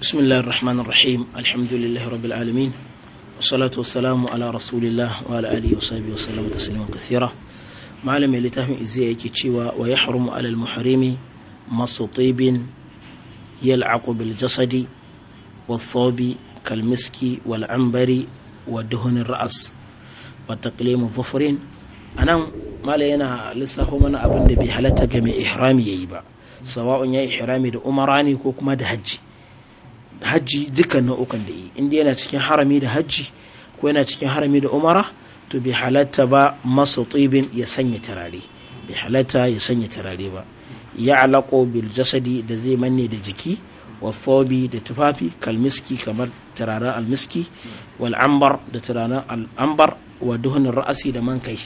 بسم الله الرحمن الرحيم الحمد لله رب العالمين والصلاة والسلام على رسول الله وعلى آله وصحبه وسلم تسليما كثيرا معلم اللي تهم إزاي كتشيوا ويحرم على المحرم مص طيب يلعق بالجسد والثوب كالمسك والعنبر ودهن الرأس وتقليم الظفر أنا ما لينا لسه من أبن بحالتك من إحرامي يبا سواء يا إحرامي دا أمراني كوكما دا هجي hajji dukkan nau'ukan da yi inda yana cikin harami da hajji ko yana cikin harami da umara to bai halatta ba masa tsibin ya sanya turare bai halatta ya sanya turare ba ya alaƙo bil jasadi da zai manne da jiki wa fobi da tufafi kalmiski kamar turaren almiski wal ambar da turaren al'ambar wa duhunin ra'asi da man kai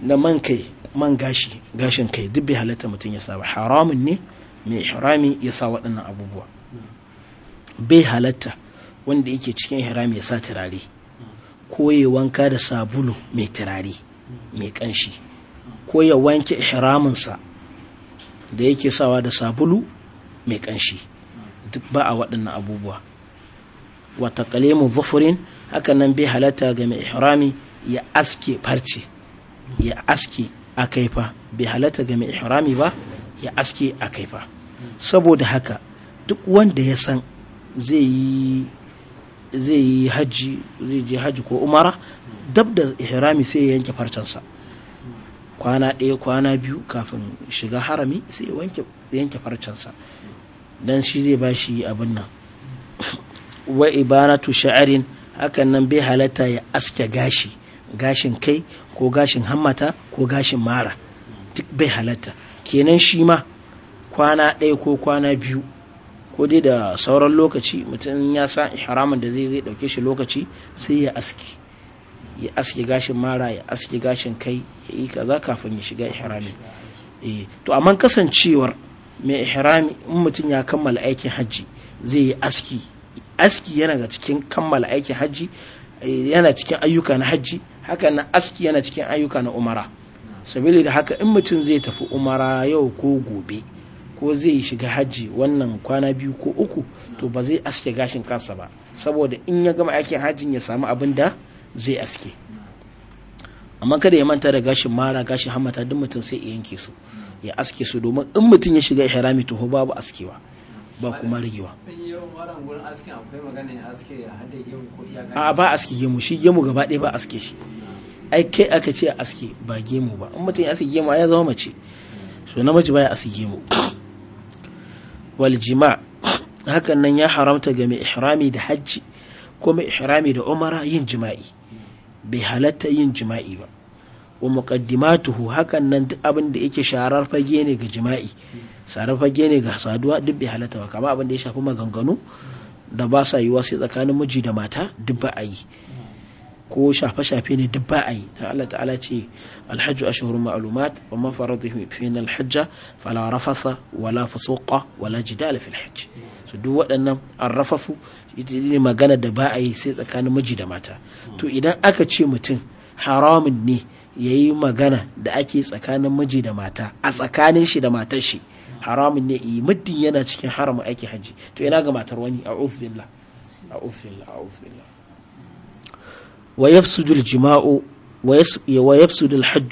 da man kai man gashi gashin kai duk bai halatta mutum ya sa ba haramun ne mai harami ya sa waɗannan abubuwa bai halatta wanda yake cikin ihram ya sa turare ko ya wanka da sabulu mai turare mai kanshi ko ya wanke ihraminsa da yake sawa da sabulu mai kanshi duk ba a waɗannan abubuwa wata kalemun zufurin haka nan bai halatta ga mai ihrami ya aske farce ya aske a kaifa bai halatta ga mai ihrami ba ya aske a kaifa saboda haka duk wanda ya san zai yi hajji zai je hajji ko umara dab da ihrami sai ya yanke farcensa kwana ɗaya kwana biyu kafin shiga harami sai ya yanke farcensa dan shi zai ba shi abin nan wa ibanatu sha'arin hakan nan bai halatta ya aske gashi gashin kai ko gashin hammata ko gashin mara duk bai halatta kenan shi ma kwana ɗaya ko kwana biyu ko dai da sauran lokaci mutum ya sa ihramin da zai dauke shi lokaci sai ya aski ya aski gashin mara ya aski gashin kai ya yi kaza kafin ya shiga ihrami eh to amma kasancewar mai ihrami in mutum ya kammala aikin hajji zai yi aski aski yana ga cikin kammala aikin hajji eh, yana cikin ayyuka na hajji haka na aski yana cikin ayyuka na umara sabili da haka in mutum zai tafi umara yau ko gobe ko zai shiga hajji wannan kwana biyu ko uku to ba zai aske gashin kansa ba saboda in ya gama aikin hajjin ya samu abin da zai aske amma kada ya manta da gashin mara gashin hamata duk mutum sai ya yanke su ya aske su domin in mutum ya shiga ihrami to babu askewa ba kuma rigewa a ba aske gemu shi gemu gaba ɗaya ba aske shi ai kai aka ce aske ba gemu ba in mutum ya aske gemu ya zama mace so namiji baya aske gemu wal jima hakan nan ya haramta ga mai ihrami da hajji ko mai ihrami da umara yin jima'i bai halatta yin jima'i ba wa muqaddimatuhu hakan nan duk abin da yake sharar fage ne ga jima'i sharar fage ne ga saduwa duk bai halatta ba kama abin da ya shafi maganganu da ba sa yiwa sai tsakanin miji da mata duk ba a yi ko shafe-shafe ne duk ba a yi ta Allah ta'ala ce Alhaji Ashirin ma'lumat wa man da fina alhajja fala wala fusuqa wala jidala fil hajj su duk waɗannan arrafasu ne magana da ba a yi sai tsakanin miji da mata to idan aka ce mutum haramun ne yayi magana da ake tsakanin miji da mata a tsakanin shi da matar shi haramun ne yi eh, muddin yana cikin haramun aiki haji to ina ga matar wani a'udhu billah a'udhu billah a'udhu billah wa yafsudul jima'u wa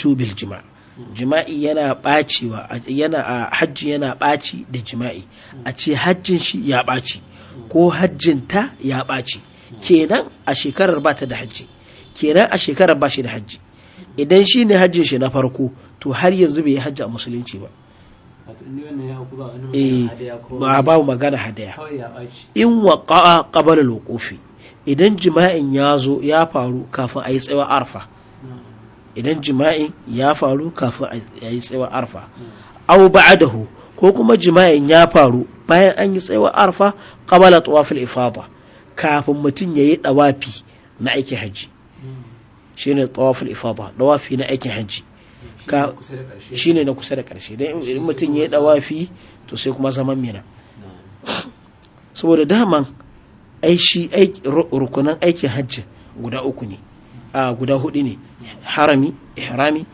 bil jima'i yana a hajji yana baci da jima'i a ce hajjin shi ya baci ko hajjin ta ya baci kenan a shekarar ba ta da hajji kenan a shekarar ba shi da hajji idan shi ne hajjin shi na farko to har yanzu bai yi hajji a musulunci ba eh, ba babu magana hadaya in waƙa'a ƙabalin ƙofi. idan jima'in ya zo ya faru kafin a yi tsawa arfa idan jima'in ya faru kafin a yi tsawa arfa au ba'adahu ko kuma jima'in ya faru bayan an yi tsawa arfa qabala tawafil ifada kafin mutum ya yi dawafi na aikin haji ne tawafil ifada dawafi na aikin haji ne na kusa da karshe don idan mutum ya yi dawafi to sai kuma zaman mina saboda daman ai shi rukunan aikin hajji guda uku ne a guda hudu ne harami ihrami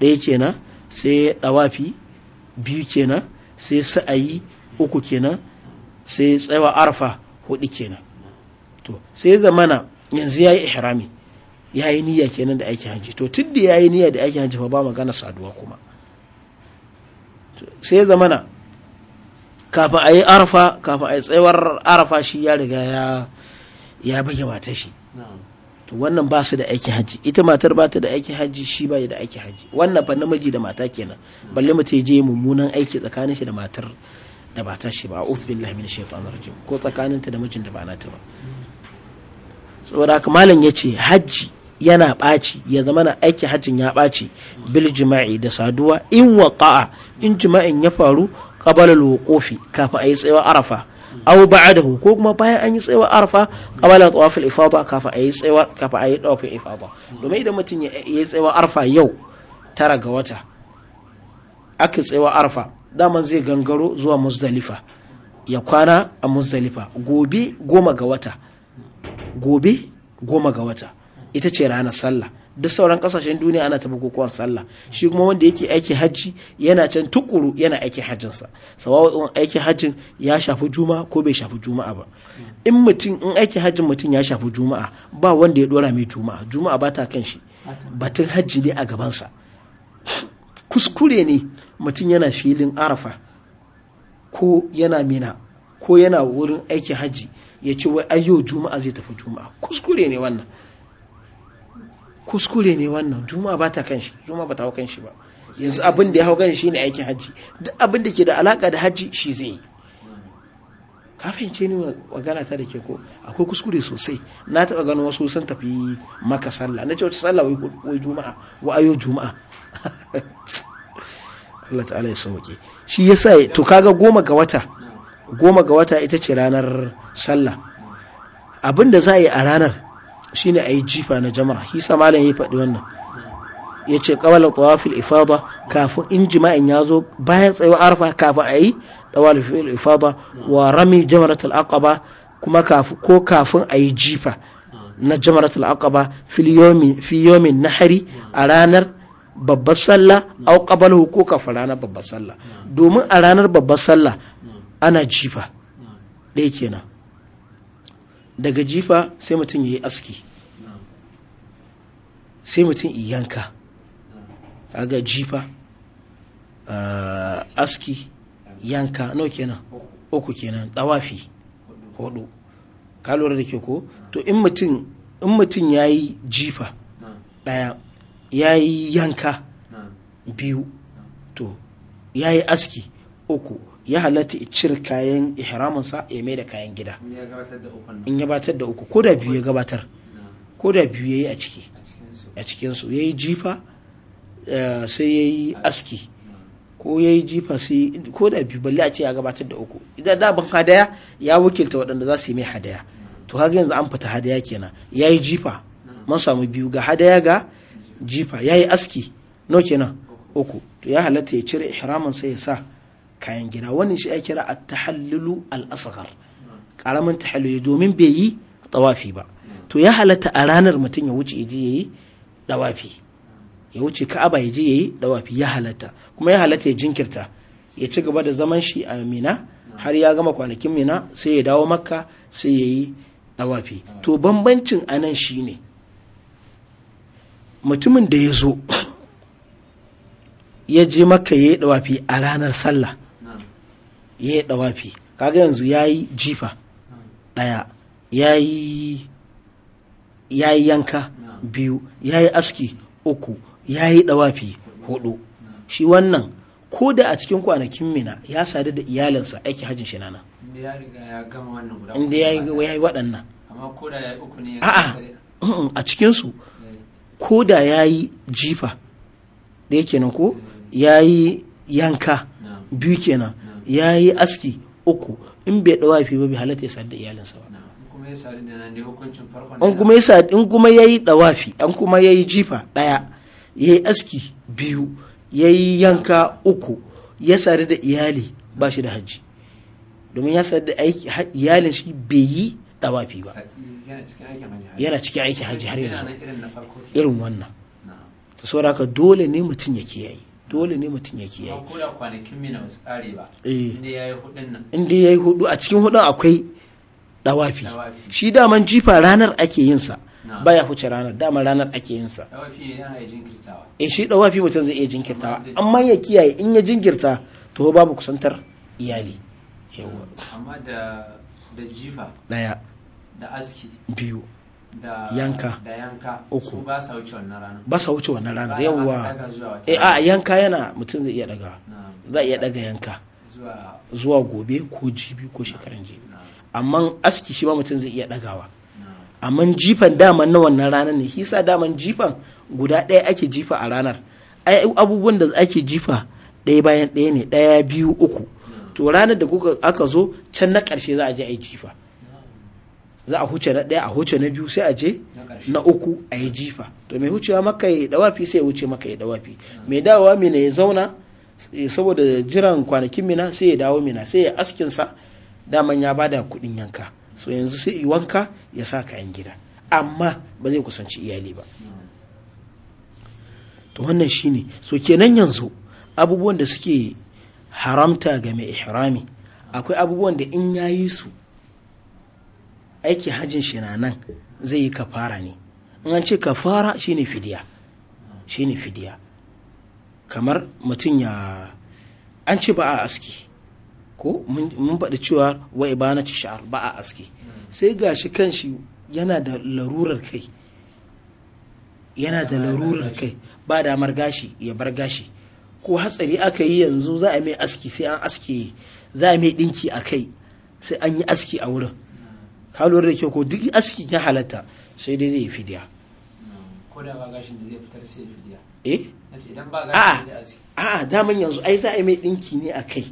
ɗaya kenan sai ɗawafi biyu kenan sai sa'ayi uku kenan sai tsawa arfa hudu kenan to sai zamana yanzu ya yi ihrami ya yi niyya kenan da aikin hajji to tun da ya yi niyya da aikin hajji fa ba magana saduwa kuma sai zamana kafin a yi arafa kafin a yi tsayawar arafa shi ya riga ya ya bage mata shi wannan ba su da aiki haji ita matar ba ta da aiki haji shi ba da aiki haji wannan fa namiji da mata kenan balle mutum je mummunan aiki tsakanin shi da matar da ba ta shi ba a'udhu billahi min shaitanir rajim ko tsakanin ta da mijin da ba ta ba saboda haka malam yace haji yana ɓaci ya zama na aiki hajjin ya ɓaci bil jima'i da saduwa in waqa'a in jima'in ya faru qabala al-wuqufi kafa ayi tsayawa arafa aw ba'dahu ko kuma bayan an yi tsayawa arafa qabala tawaf al-ifada kafa ayi tsayawa kafa ayi tawaf ifada domin idan mutum ya yi tsayawa arafa yau tara ga wata aka tsayawa arafa daman zai gangaro zuwa muzdalifa ya kwana a muzdalifa gobe goma ga wata gobe goma ga wata ita ce ranar sallah duk sauran kasashen duniya ana ta bukukuwan sallah shi kuma wanda yake aiki hajji yana can tukuru yana aiki hajjinsa sawa'un aiki hajjin ya shafi juma ko bai shafi juma'a ba in mutum in aiki hajjin mutum ya shafi juma'a ba wanda ya dora mai juma'a juma'a ba ta kan shi batun hajji ne a gabansa kuskure ne mutum yana filin arafa ko yana mina ko yana wurin aiki hajji ya ce wai ayyo juma'a zai tafi juma'a kuskure ne wannan kuskure ne wannan Juma ba ta kan shi Juma ba ta hau kan shi ba yanzu abin da ya hau kan shi ne aikin hajji duk abin da ke da alaka da hajji shi zai yi ka fahimce ni magana ta da ke ko akwai kuskure sosai na taɓa ganin wasu sun tafi maka sallah na ce wata sallah wai juma'a wa ayo juma'a Allah ta'ala ya sauke shi yasa to kaga goma ga wata goma ga wata ita ce ranar sallah abin da za a yi a ranar shine yi jifa na jama'a sa malam ya faɗi wannan ya ce kawala tawafil ifada kafin in jima'in ya zo bayan tsayuwar arfa kafin a yi tawafil ifada wa rami jamaratul aqaba kuma ko kafin a yi jifa na jamaratul aqaba fi yomin nahari a ranar babbar sallah au qabalahu ko kafin ranar babbar sallah domin a ranar babbar sallah ana jifa ɗaya kenan daga jifa sai mutum ya yi aski sai mutum iyanka ga jifa ah, aski yanka nawa kenan uku kenan dawafi hudu ka lura da ke ko to in mutum ya yi jifa daya ya yi yanka biyu to ya yi aski uku ya halatta cire kayan ihraminsa ya mai da kayan gida in ya gabatar da uku ko da biyu ya gabatar ko da biyu ya yi a ciki a cikinsu ya yi jifa eh, sai ya yi aski ko ya yi jifa sai ko da biyu balle a ce ya gabatar da uku idan da ban hadaya ya wakilta waɗanda za su yi mai hadaya to haka yanzu an fita hadaya kenan ya yi jifa mun samu biyu ga hadaya ga jifa ya yi aski no kenan uku to ya halatta ya cire ihramin sai ya sa kayan gida wannan shi ya kira a tahallulu al-asghar karamin tahalluli domin bai yi tawafi ba to ya halatta a ranar mutum ya wuce ya je yayi dawafi ya wuce ka'aba ya je ya yi dawafi ya halatta kuma ya halatta ya jinkirta ya ci gaba da zaman shi a mina har ya gama kwanakin mina sai ya dawo makka sai ya yi dawafi to bambancin anan ne mutumin da ya zo ya je makka ya yi dawafi a ranar sallah ya yi dawafi kaga yanzu ya yi jifa ɗaya ya yi yanka biyu ya yi aski uku ya yi ɗawafi hudu shi wannan ko da a cikin kwanakin mina ya sadu da iyalinsa aiki hajjin shi nana inda ya yi waɗannan a'a a cikinsu ko da ya yi jifa da yake kenan ko ya yi yanka biyu kenan ya yi aski uku in bai ɗawafi ba bai halatta ya sadu da iyalinsa ba kuma ya sa in an kuma ya yi jifa ɗaya dawafi an kuma jifa daya aski biyu ya yi yanka uku ya sari da iyali ba shi da hajji domin ya sari da iyalin shi bai yi dawafi ba yana cikin aikin hajji har yanzu irin wannan ta saboda ka dole ne mutum ya kiyaye dole ne mutum ya kiyaye ko da kwanakin mina wasu ba eh. inda ya yi hudu a cikin hudun akwai dawafi shi daman jifa ranar ake yin sa baya huce ranar dama ranar ake yin sa eh shi dawafi mutum zai iya jinkirtawa amma ya kiyaye in ya jinkirta to babu kusantar iyali yawa amma da da jifa daya da aski biyu da yanka da yanka uku ba sa wuce wannan ranar ba sa wuce wannan ranar yawa eh a yanka yana mutum zai iya daga za iya daga yanka zuwa gobe ko jibi ko shekaran jibi amma aski shi ma mutum zai iya ɗagawa amma jifan daman na wannan ranar ne hisa daman jifan guda ɗaya ake jifa a ranar abubuwan da ake jifa ɗaya bayan ɗaya ne ɗaya biyu uku to ranar da kuka aka zo can na ƙarshe za a je a yi jifa za a huce na ɗaya a huce na biyu sai a je na uku a yi jifa to mai hucewa maka ya dawafi sai ya wuce maka ya dawafi mai dawowa mina ya zauna eh, saboda jiran kwanakin mina sai ya dawo mina sai ya askinsa daman ya bada kuɗin yanka so yanzu sai wanka ya sa kayan gida amma ba zai kusanci iyali ba to wannan shine so kenan yanzu abubuwan da suke haramta ga mai ihrami akwai abubuwan da in ya yi su aiki hajjin shi na nan zai yi kafara ne in an ce kafara shine fidiya shine fidiya kamar mutum ya an ce ba a aski ko mun faɗi cewa wa ibana ci sha'ar ba a aski sai gashi kanshi yana da larurar kai yana da larurar kai ba damar gashi ya bar gashi ko hatsari aka yi yanzu za a mai aski sai an aski za a mai dinki a kai sai an yi aski a wurin ka lura da kyau ko duk aski ya halatta sai dai zai fidiya ko da ba gashin da zai fitar sai fidiya eh a'a daman yanzu ai za a mai dinki ne a kai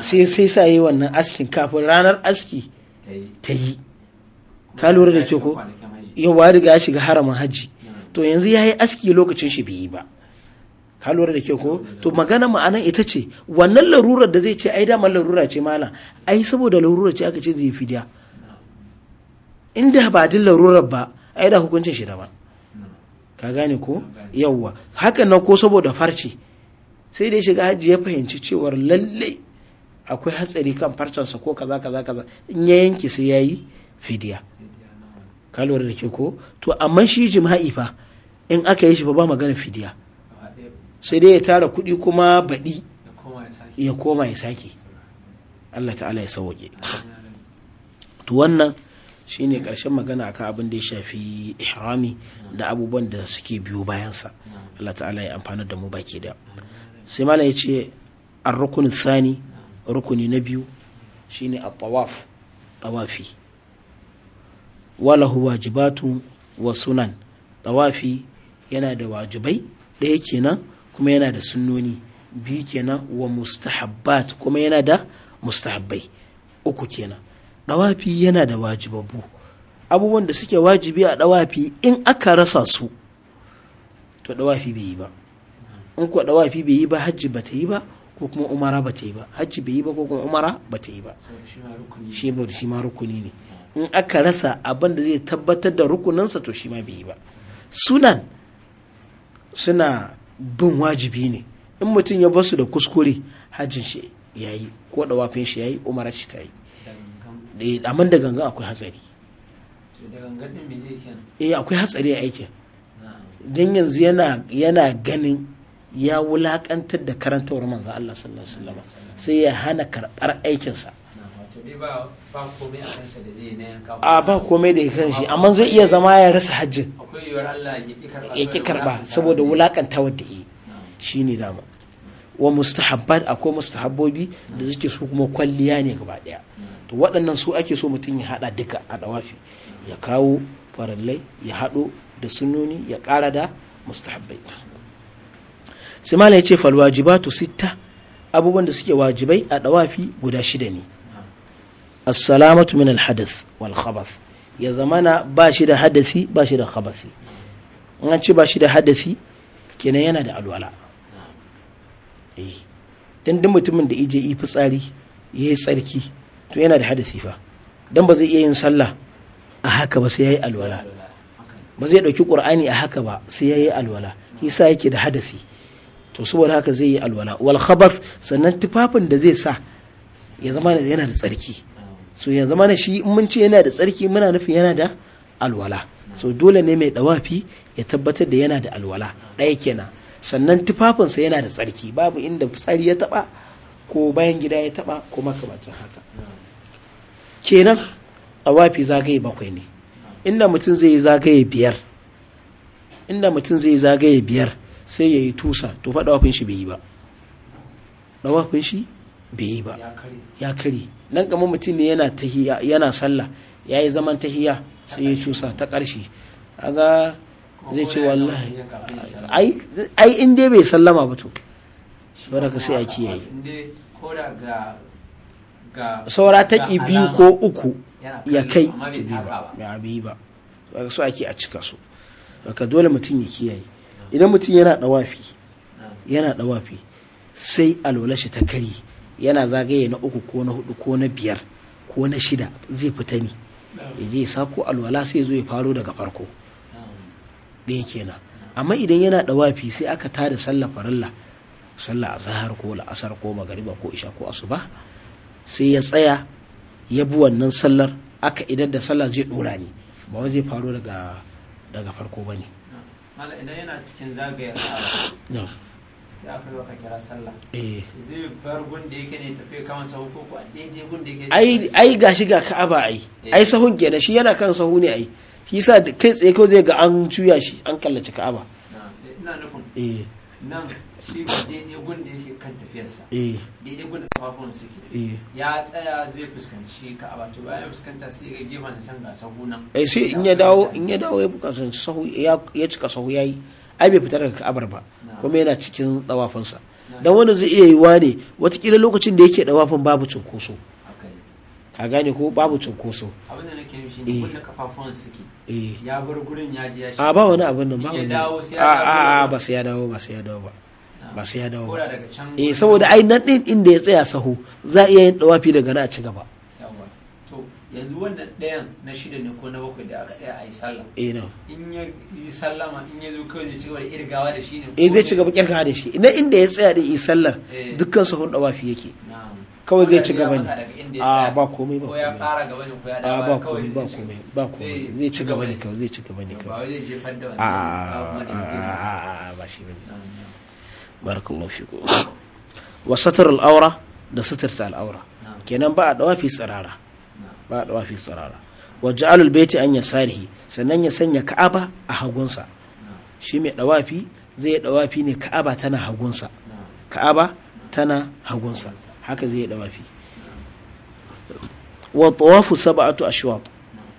sai sai sa yi wannan askin kafin ranar aski ta yi ka lura da ke ko yawa riga ya shiga haramin hajji hmm. to yanzu ya yi aski lokacin shi bai yi ba ka lura da ke ko to magana ma'anan ita ce wannan larurar da zai ce ai daman larura ce mala ai saboda larurar ce aka ce zai fidiya hmm. inda ba din larurar ba ai da hukuncin shi da ba hmm. ka gane ko yawwa hakan nan ko saboda farce sai dai shiga hajji ya fahimci cewar lalle akwai hatsari kan farcansa ko kaza kaza kaza in ya yanke sai ya yi fidiya ka lura da ke ko to amma shi jima'i fa in aka yi shi fa ba magana fidiya sai dai ya tara kuɗi kuma baɗi ya koma ya sake Allah ta'ala ya sauke to wannan shi ne karshen magana akan abin da ya shafi ihrami da abubuwan da suke biyo bayansa Allah ta'ala ya amfana da mu baki da sai mala ya ce a rukunin sani rukuni na biyu shi ne a tawaf tawafi walahu wajibatu wa sunan tawafi yana da wajibai ɗaya kenan kuma yana da sunnoni biyu kenan wa mustahabbat kuma yana da mustahabbai uku kenan ɗawafi yana da wajibabu abubuwan da suke wajibi a ɗawafi in aka rasa su to ɗawafi bai yi ba in kuwa wafi bai yi ba hajji ba ta yi ba ko kuma umara ba ta yi ba hajji bai yi ba ko kuma umara ba ta yi ba shi ba shi ma rukuni ne in aka rasa abin da zai tabbatar da rukuninsa to shi ma bai yi ba sunan suna bin wajibi ne in mutum ya basu da kuskure hajjin shi ya yi ko da wafin shi ya yi umara shi ta yi eh, amma da gangan akwai hatsari eh akwai hatsari a aikin don yanzu yana ganin ya wulaƙantar da karantawar manzo Allah sallallahu alaihi wasallam sai ya hana karɓar aikinsa a ba komai da kan shi amma zai iya zama ya rasa hajji. ya ki karɓa saboda wulakantawar da yi shi ne dama wa mustahabbat akwai mustahabbobi da suke su kuma kwalliya ne gaba daya. to waɗannan su ake so mutum ya haɗa duka a dawafi ya kawo farallai ya haɗo da sunoni ya ƙara da mustahabbai sai malam ya ce falwajibatu sitta abubuwan da suke wajibai a dawafi guda shida ne assalamatu min alhadath wal khabath ya zamana ba shi da hadasi ba shi da khabasi in an ce ba shi da hadasi kenan yana da alwala eh dan duk mutumin da ije yi fitsari yayi tsarki to yana da hadasi fa dan ba zai iya yin sallah a haka ba sai ya yi alwala ba zai dauki qur'ani a haka ba sai ya yi alwala yasa yake da hadasi to saboda haka zai yi alwala wal khabath sannan tufafin da zai sa ya zama yana da tsarki so ya zama shi in mun ce yana da tsarki muna nufin yana da alwala so dole ne mai dawafi ya tabbatar da yana da alwala ɗaya kenan sannan tufafinsa yana da tsarki babu inda fitsari ya taba ko bayan gida ya taba ko makamancin haka kenan dawafi zagaye bakwai ne inda mutum zai yi zagaye biyar inda mutum zai zagaye biyar sai ya yi tusa to fa dawafin shi bai yi ba dawafin shi bai yi ba ya kari nan kamar mutum ne yana tahiya yana sallah ya yi zaman tahiya sai ya yi tusa ta ƙarshe aga zai ce wallahi ai in dai bai sallama ba to saboda ka sai a kiyaye saura ta biyu ko uku ya kai ya bi ba so ake a cika su daga dole mutum ya kiyaye idan mutum yana dawafi yana dawafi sai alwala shi ta kari yana zagaye na uku ko na hudu ko na biyar ko na shida zai fita ne ya je ko alwala sai zo ya faro daga farko ɗaya kenan amma idan yana dawafi sai aka tada sallah farilla sallah azhar ko la'asar ko magariba ko isha ko asuba sai ya tsaya ya bi wannan sallar aka idan da sallah zai ɗora ne ba wai zai faro daga daga farko bane mala idan yana cikin zagayar sallah sai aka yi ka kira sallah eh. zai bar gunda yake ne tafi kama sahu ko kuwa daidai gunda yake ai ai gashi ga ka'aba ai eh. ai sahun kenan shi yana kan sahu ne ai shi yasa kai tsaye kawai zai ga an cuya shi an kallace ka'aba eh, ina nufin eh nan shi ne daidai gun da yake kan tafiyarsa eh. daidai gun da kafafun suke eh. ya tsaya zai fuskanci ka a to bayan fuskanta sai ga gefen sa can ga nan eh sai in ya dawo in ya dawo ya fuskanci sahu ya cika sahu yayi ai bai fita daga ka'abar ba kuma yana cikin tsawafinsa dan wannan zai iya yiwa ne watakila lokacin da yake dawafin babu cunkoso ka gane ko babu cunkoso abin da nake shi ne kullum eh. kafafun suke ya bar gurin ya ji ya shi a ba wani abin nan ba wani a a ba sai ya dawo ba sai ya dawo ba ba sai ya dawo ba eh saboda ai nan din inda ya tsaya sahu za iya yin dawafi daga na a ci gaba to yanzu wannan ɗayan na shida ne ko na bakwai da aka tsaya a yi sallah eh na in ya yi sallama in ya zo kawai zai ci gaba da irgawa da shi ne eh zai ci gaba kirkawa da shi na inda ya tsaya da yi sallar eh. dukkan sahun dawafi yake kawai zai ci gaba ne a ah, ba komai ba komai dawo ba komai ba komai ba komai zai ci gaba ne kawai zai ci gaba ne kawai a ah, ah, ba shi bane barakallahu fiku wa satar al'aura da satarta al'aura kenan ba a dawafi tsirara ba a dawafi tsirara wa ja'alul baiti an sarihi sannan ya sanya ka'aba a hagunsa shi mai dawafi zai dawafi ne ka'aba tana hagunsa ka'aba tana hagunsa haka zai dawafi wa tawafu sab'atu ashwaq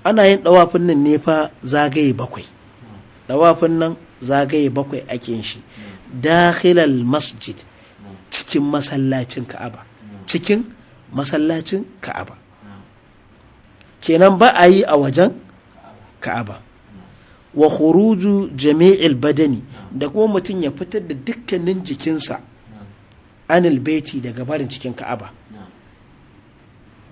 ana yin dawafin nan ne fa zagaye bakwai dawafin nan zagaye bakwai ake yin shi dakhilal masjid cikin masallacin ka'aba cikin masallacin ka'aba kenan ba a yi a wajen ka'aba wa khuruju jami'il badani da kuma mutum ya fitar da dukkanin jikinsa anil baiti daga barin cikin ka'aba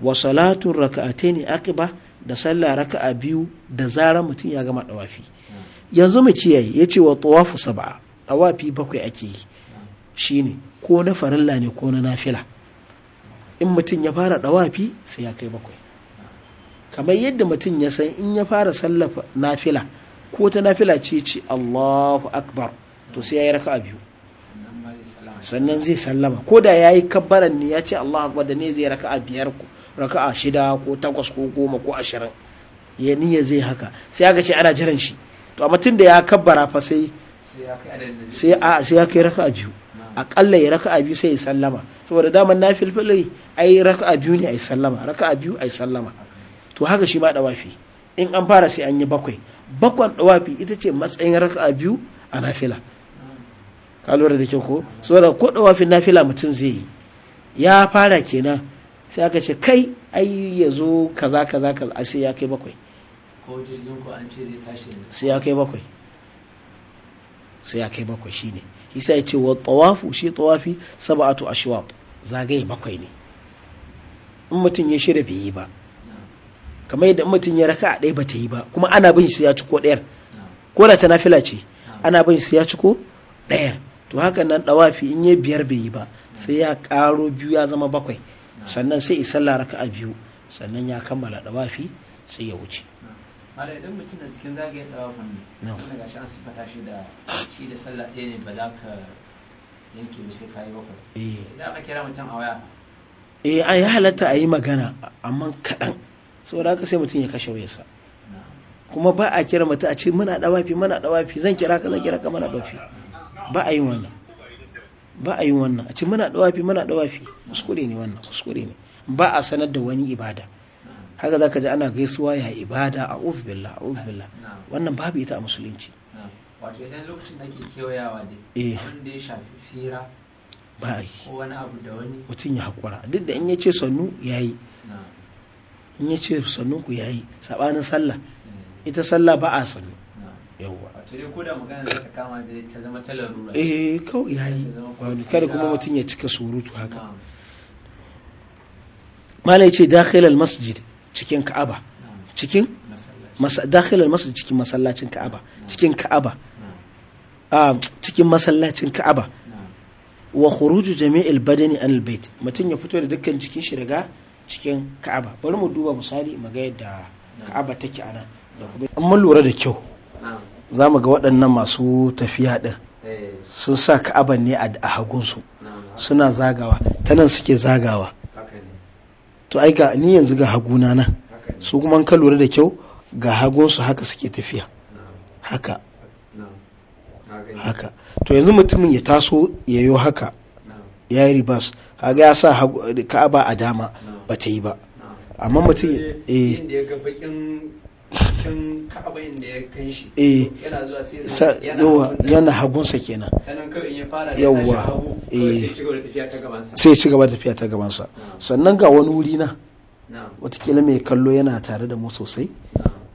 wa salatun raka'ate ne akiba da sallah raka'a biyu da zarar mutum ya gama dawafi yanzu mu kiyaye ya ce wa tawafu saba'a awafi bakwai ake yi shi ne ko na farilla ne ko na nafila in mutum ya fara dawafi sai ya kai bakwai kamar yadda mutum ya san in ya fara sallafa nafila ko ta nafila ce ce Allahu akbar to sai ya yi raka biyu sannan zai sallama ko da ya yi kabbaran ne ya ce Allahu akbar da ne zai raka a biyar ko a shida ko takwas ko goma ko ashirin ya niyya zai haka sai aka ce ana jiran shi to a mutum da ya kabbara fa sai sai a sai ya raka a biyu a akalla ya raka a biyu sai ya sallama saboda daman na filfilai ai a biyu ne ai sallama a biyu ai sallama to haka shi ma dawafi in an fara sai an yi bakwai bakwan dawafi ita ce matsayin raka a biyu a nafila ka lura da kyau ko saboda ko dawafin nafila mutum zai yi ya fara kenan sai aka ce kai ai ya zo kaza kaza kaza sai ya kai bakwai ko jirgin ko an ce zai tashi sai ya kai bakwai sai ya kai bakwai shine isa ya ce wa tawafu shi tawafi sab'atu ashwaq zagaye bakwai ne in mutum ya shirya bai yi ba kamar yadda in mutum ya raka a ɗaya bata yi ba kuma ana bin shi ya ci ko ɗayar ko da ta nafila ce ana bin shi ya ci ko ɗayar to haka nan tawafi in ya biyar bai yi ba sai ya karo biyu ya zama bakwai sannan sai isa raka a biyu sannan ya kammala tawafi sai ya wuce mala idan mutum na cikin zagayen dawafin ne tun daga shi an siffata shi da shi da sallah ɗaya ne ba za ka yanke ba sai ka yi bakwai eh. idan aka kira mutum a waya eh an yi halatta a yi magana amma kaɗan saboda haka sai mutum ya kashe wayarsa kuma ba a kira mutum a ce muna dawafi muna dawafi zan kira ka zan kira ka muna dawafi ba a yi wannan ba a yi wannan a ce muna dawafi muna dawafi kuskure ne wannan kuskure ne ba a sanar da wani ibada haka za ka ji ana gaisuwa ya ibada a uzbillah a uzbillah wannan babu ita a musulunci wato idan lokacin da ke kewayawa dai eh. ya shafi fira ba yi ko wani abu da wani mutum ya haƙura duk da in ya ce sannu ya yi in ya ce sannu ku ya yi saɓanin sallah eh. ita sallah ba a sannu yawwa wato dai ko da magana za ta kama da ta zama ta larura eh kawai ya yi kada kuma mutum ya cika surutu haka mala ce dakhil masjid cikin ka'aba cikin dakilar masu cikin masallacin ka'aba cikin ka'aba cikin masallacin ka'aba wa khuruju jami'il badani an albayt mutum ya fito da dukkan cikin shi daga cikin ka'aba bari mu duba misali mu ga yadda ka'aba take ana da kuma an mun lura da kyau za mu ga waɗannan masu tafiya din eh. sun sa ka'aba ne a hagunsu suna zagawa ta suke zagawa to ai ga ni yanzu ga haguna nan su kuma ka lura da kyau ga hagunsu haka suke tafiya haka haka to yanzu mutumin ya taso ya yi haka ya yi ribas haga ya sa ka'aba a dama ba ta yi ba amma mutum ya eh. cikin ka'aba eh, yana sai hagunsa kenan yawwa eh. sai ci gaba tafiya ta gabansa sannan ga wani wuri na watakila mai kallo yana tare da mu sosai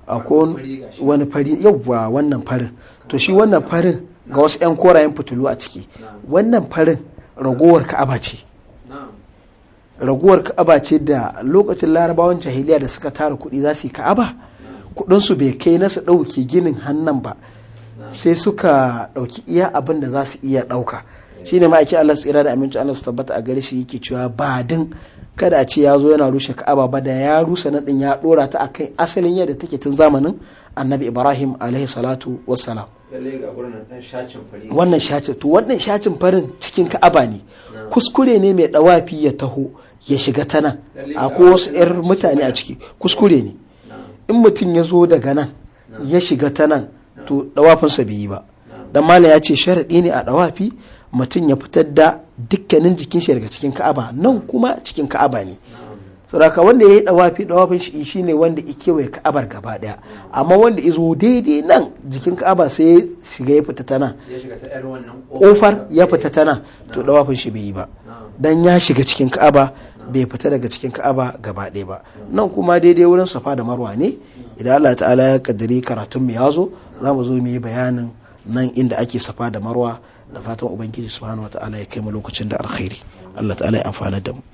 akwai wani fari yawwa wannan farin to shi wannan farin ga wasu 'yan korayen fitilu a ciki wannan farin ragowar ka'aba ce raguwar ka'aba ce da lokacin larabawan jahiliya da suka tara kuɗi za su yi ka'aba kudinsu bai kai na su ɗauki ginin hannun ba sai suka ɗauki iya abin da za su iya ɗauka shi ne ma'aikin Allah tsira da aminci Allah su tabbata a gari shi yake cewa din kada a ce ya zo yana rushe ka'aba ba da ya rusa na ya dora ta akan asalin yadda take tun zamanin annabi ibrahim alaihi salatu wassalam wannan shacin to wannan shacin farin cikin ka'aba ne kuskure ne mai dawafi ya taho ya shiga ta nan akwai wasu 'yar mutane a ciki kuskure ne in mutum ya zo daga nan ya shiga ta nan to dawafinsa bai yi ba dan mala ya ce sharaɗi ne a dawafi mutum ya fitar da dukkanin jikin shi daga cikin ka'aba nan kuma cikin ka'aba ne saboda wanda ya yi dawafi dawafin shi shine wanda ya wai ka'abar gaba daya amma wanda ya zo daidai nan jikin ka'aba sai ya shiga ya fita ta nan kofar ya fita ta nan to dawafin shi bai yi ba dan ya shiga cikin ka'aba bai fita daga cikin ka'aba gaba ɗaya ba nan kuma daidai wurin safa da marwa ne idan allah ta'ala ya kaddari karatun mu ya zo za mu zo mu yi bayanin nan inda ake safa da marwa da fatan ubangiji subhanahu wa ta'ala ya kai mu lokacin da alkhairi allah ta'ala ya amfana da mu